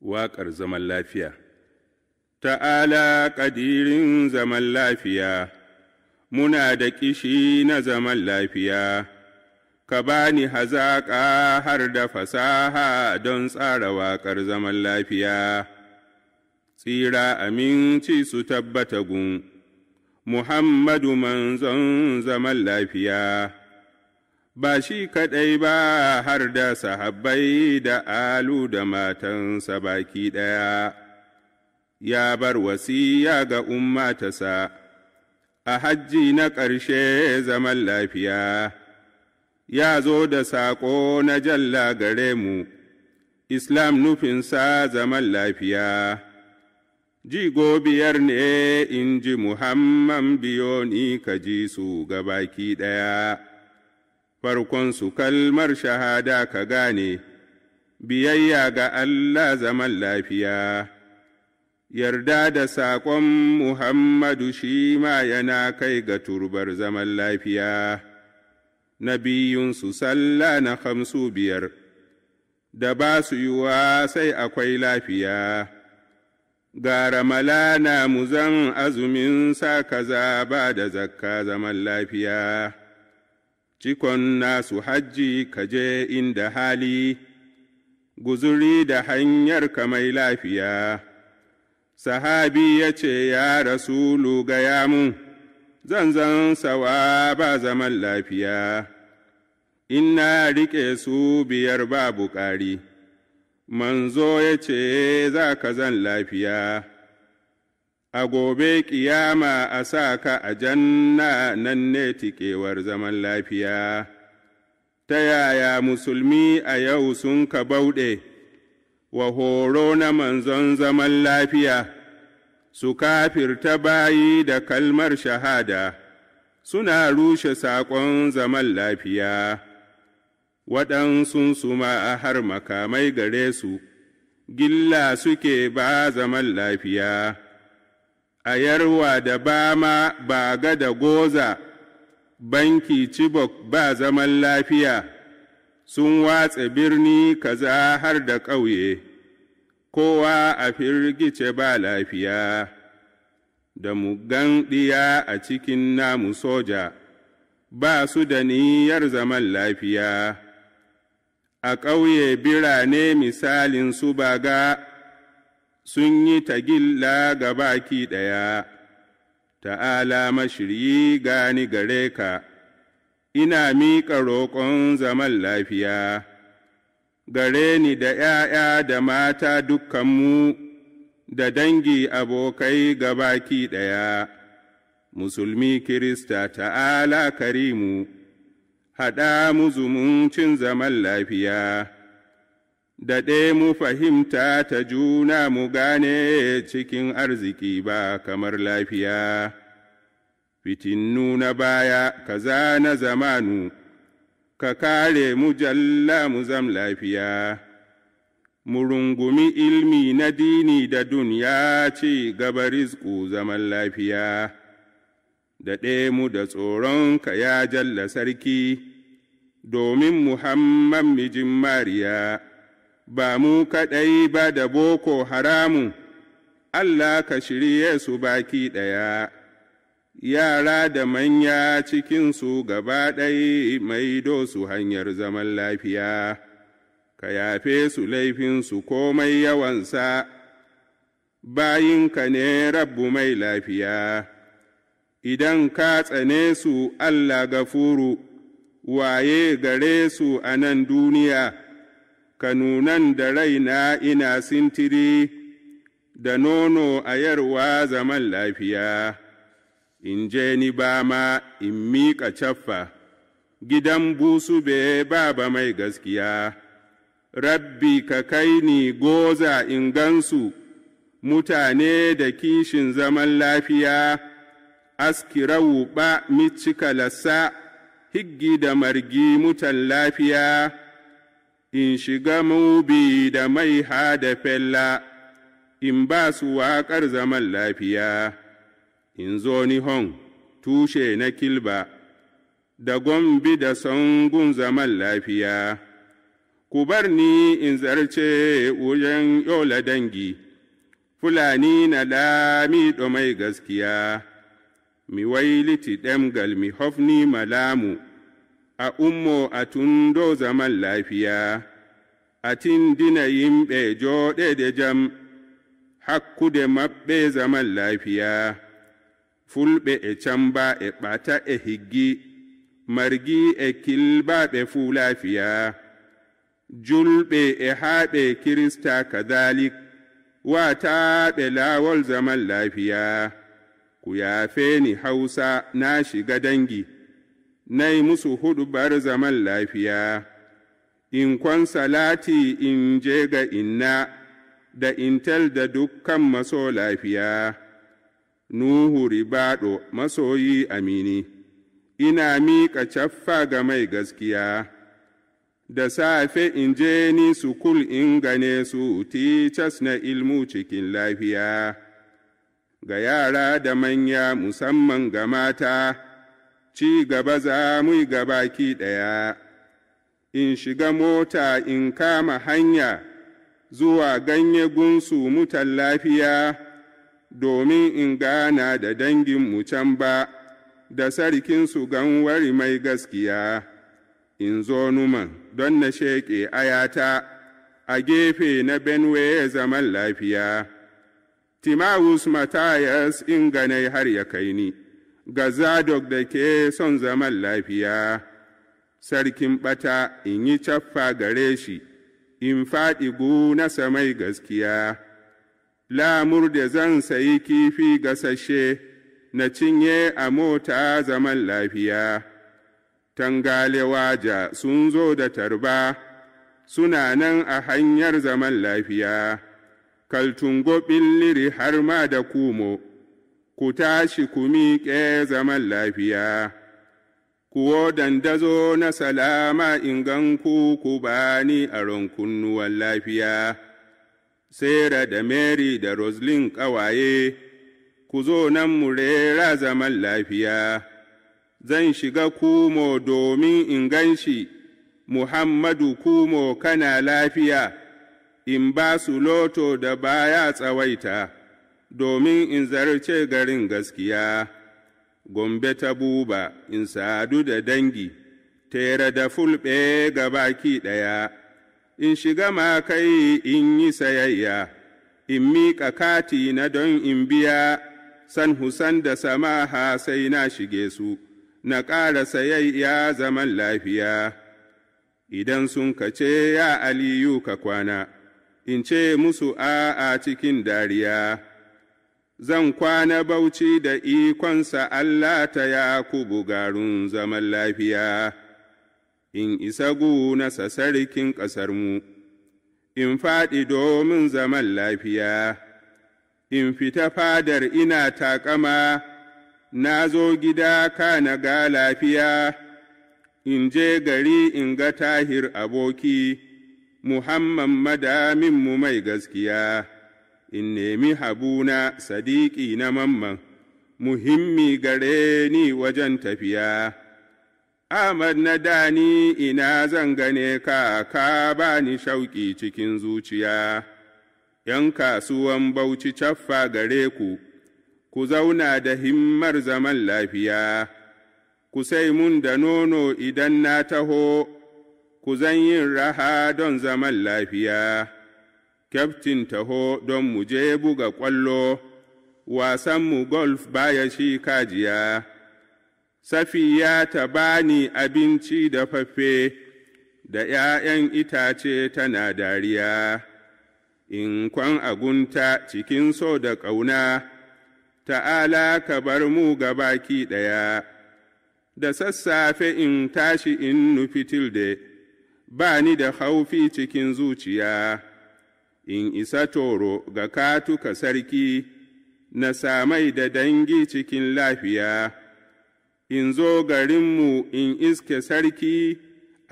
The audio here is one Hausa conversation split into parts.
waƙar zaman lafiya. Ta'ala ƙadirin zaman lafiya, muna da ƙishi na zaman lafiya, ka bani hazaƙa har da fasaha don tsara waƙar zaman lafiya. Tsira aminci su tabbata gun, Muhammadu manzon zaman lafiya. ba shi kaɗai ba har da sahabbai da alu da matansa baki ɗaya, ya bar wasiya ga ummatasa, a hajji na ƙarshe zaman lafiya, ya zo da saƙo na jalla gare mu, Islam nufinsa zaman lafiya. Jigo biyar ne in ji Muhammad biyo ni ka ji su ga baki ɗaya. Farkon su kalmar shahada ka gane, biyayya ga Allah zaman lafiya, yarda da saƙon Muhammadu shi ma yana kai ga turbar zaman lafiya, na biyunsu sallah na hamsu biyar, da ba su yiwa sai akwai lafiya. Gara malana mu zan azumin sa kaza ba da zakka zaman lafiya. cikon nasu hajji ka je inda hali, guzuri da hanyar ka mai lafiya. Sahabi ya ce, Ya Rasulu gaya mun, zan zan sawa ba zaman lafiya, in na riƙe su biyar babu ƙari, manzo ya ce, Za ka zan lafiya. a gobe ƙiyama a sa ka a janna nan ne tikewar zaman lafiya, ta yaya musulmi a yau sun ka bauɗe wa horo na manzon zaman lafiya, su kafirta bayi da kalmar shahada, suna rushe saƙon zaman lafiya, waɗansu su ma a har makamai gare su, gilla suke ba zaman lafiya. a yarwa da bama ga da goza banki cibok ba zaman lafiya sun watsa birni kaza har da ƙauye kowa a firgice ba lafiya da mugan ɗiya a cikin namu soja ba su da niyyar zaman lafiya a ƙauye birane misalin su ba ga. sun yi tagilla gilla ga baki ɗaya, ta'ala mashiryi gani gare ka, ina miƙa roƙon zaman lafiya, gare ni da ’ya'ya da mata dukkanmu, da dangi abokai ga baki ɗaya, musulmi Kirista ta'ala karimu, haɗa mu zumuncin zaman lafiya. daɗe mu fahimta ta juna mu gane cikin arziki ba kamar lafiya. Fitinnu na baya, kaza na zamanu, ka kare mu jalla mu zam lafiya. Mu rungumi ilmi na dini da duniya ci gaba rizku zaman lafiya. Daɗe mu da tsoronka ya jalla sarki, domin Muhammad mijin Mariya. ba mu kaɗai ba da boko haramu, Allah ka shirye su baki ɗaya, yara da manya cikinsu gaba ɗai maido su hanyar zaman lafiya, ka yafe su laifinsu komai yawansa, bayinka ne rabbu mai lafiya, idan ka tsane su Allah gafuru, waye gare su a nan duniya. kanunan da raina ina sintiri da nono a yarwa zaman lafiya, in je ni ba ma in miƙa caffa, gidan busu be ba mai gaskiya, rabbi ka kai ni goza in gansu, mutane da kishin zaman lafiya, rawu ba micika lassa, higgi da margi mutan lafiya. in shiga mubi da mai hada fella, in ba su waƙar zaman lafiya, in zo Nihon tushe na kilba, da gombi da sangun zaman lafiya, ku bar ni in zarce wujen yola dangi, Fulani na lami mai gaskiya, mi liti ɗemgal mi hofni malamu. a ummo a tundo zaman lafiya a tindina yimɓe da jam hakkude maɓɓe zaman lafiya fulɓe e camba e ɓata e higgi margi e ɓe fu lafiya julɓe e haɓe kirista wata ɓe lawol zaman lafiya ku yafe ni hausa na shiga dangi na yi musu huɗubar zaman lafiya, in kwan salati in je ga inna da intel da dukkan maso lafiya, Nuhu ribaɗo masoyi amini, ina miƙa caffa ga mai gaskiya. da safe in je ni sukul in gane su ticas na ilmu cikin lafiya, ga yara da manya musamman ga mata, ci gaba za mu yi gabaki ɗaya, in shiga mota in kama hanya zuwa ganye gunsu mutan lafiya domin in gana da dangin mu can ba, da sarkin sarkinsu ganwari mai gaskiya, in zo numan don na sheƙe ayata a gefe na ya zaman lafiya. Timawus Matayas in ganai har ya kai ni. ga da ke son zaman lafiya, sarkin ɓata in yi caffa gare shi, in faɗi na samai gaskiya, lamur da zan sayi kifi gasashe na cinye a mota zaman lafiya. Tangalewaja sun zo da tarba, suna nan a hanyar zaman lafiya, kaltungo liri har ma da kumo. ku tashi ku miƙe zaman lafiya, kuwo dandazo na salama in inganku ku bani a ronkunnuwan lafiya, Sera da Mary da Roslyn ƙawaye, ku zo nan mu rera zaman lafiya, zan shiga kumo domin in gan shi, Muhammadu kumo kana lafiya, in ba su loto da baya tsawaita. domin in zarce garin gaskiya, gombe ta buba in sadu da dangi, tera da fulɓe ga baki ɗaya, in shiga ma kai in yi sayayya, in miƙa kati na don in biya, san husan da samaha sai na shige su, na ƙara sayayya zaman lafiya. Idan sun kace ya Aliyu ka kwana, in ce musu a'a cikin dariya. zan kwana bauchi da ikonsa Allah ta ya kubu garin zaman lafiya, in isa gunasa sarkin ƙasarmu, in faɗi domin zaman lafiya, in fita fadar ina taƙama, na zo gida kana ga lafiya, in je gari in ga tahir aboki, Muhammad madaminmu mai gaskiya. in nemi habuna sadiƙi na mamman, muhimmi gare ni wajen tafiya. Ahmad na dani ina zan gane ka, ka ba ni shauƙi cikin zuciya, ’yan kasuwan bauchi caffa gare ku, ku zauna da himmar zaman lafiya, ku sai mun da nono idan na taho, ku zan yin raha don zaman lafiya. kyaftin taho don mu je buga ƙwallo, wasanmu golf baya shi kajiya. Safiya ta bani abinci da fafe da ’ya'yan itace tana dariya, in kwan agunta cikin so da ƙauna, ta'ala ka bar mu ga baki ɗaya, da sassafe in tashi in nufitil da ba ni da haufi cikin zuciya. in isa toro ga katuka sarki na samai da dangi cikin lafiya, in zo garinmu in iske sarki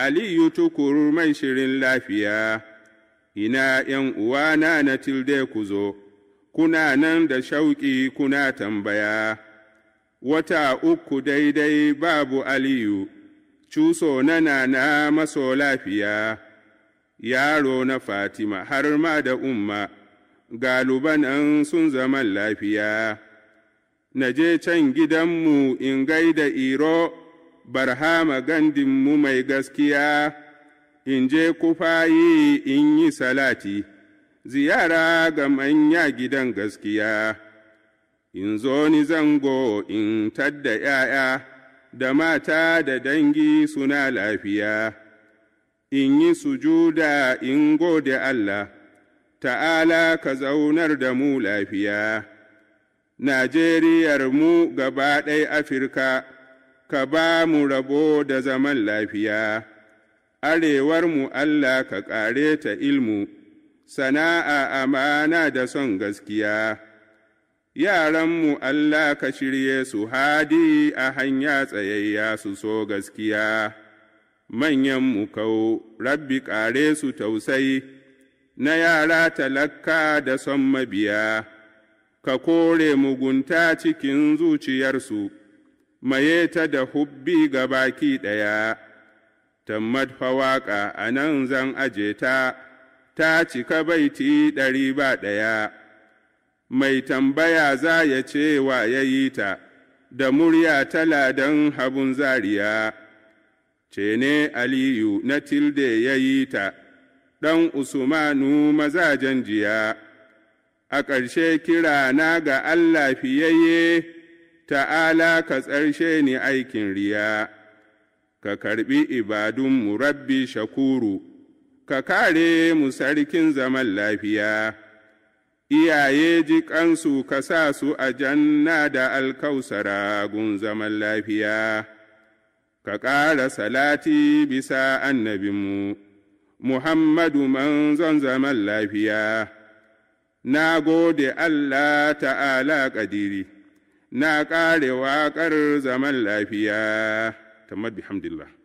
Aliyu tukuru mai shirin lafiya, ina ’yan uwana na tilde ku zo, kuna nan da shauƙi kuna tambaya, wata uku daidai babu Aliyu, cuso na na maso lafiya. yaro na Fatima har ma da umma, galuban an sun zama lafiya. Na je can gidanmu in gaida iro, barhama gandinmu mai gaskiya, in je kufayi in yi salati, ziyara ga manya gidan gaskiya. In zo ni zango in tadda ’ya'ya da mata da dangi suna lafiya. in yi sujuda in gode Allah, ta'ala ka zaunar da mu lafiya. Najeriyar mu gaba ɗai Afirka, ka ba mu rabo da zaman lafiya, arewar mu Allah ka ƙare ta ilmu, sana'a amana da son gaskiya. Yaranmu Allah ka shirye su hadi a hanya tsayayya su so gaskiya. manyan mukau rabbi ƙare su tausayi, na yara talakka da son mabiya ka kore mugunta cikin zuciyarsu maye ta da hubbi ga baki ɗaya tammad fawaƙa a nan zan aje ta ta cika baiti ɗari ba ɗaya mai tambaya za ya ce wa ya yi ta da murya ta ladan habun zariya ce ne Aliyu na tilde ya yi ta, ɗan Usmanu mazajen jiya, a ƙarshe kira na ga Allah fiyayye, ta'ala ka tsarshe ni aikin riya, ka karɓi ibadun rabbi shakuru, ka kare mu sarkin zaman lafiya. Iyaye jiƙansu ka sa su a janna da alkausara gun zaman lafiya. ka ƙara salati bisa annabinmu, Muhammadu manzon zaman lafiya, na gode Allah ta'ala ƙadiri, na ƙare waƙar zaman lafiya, bihamdillah.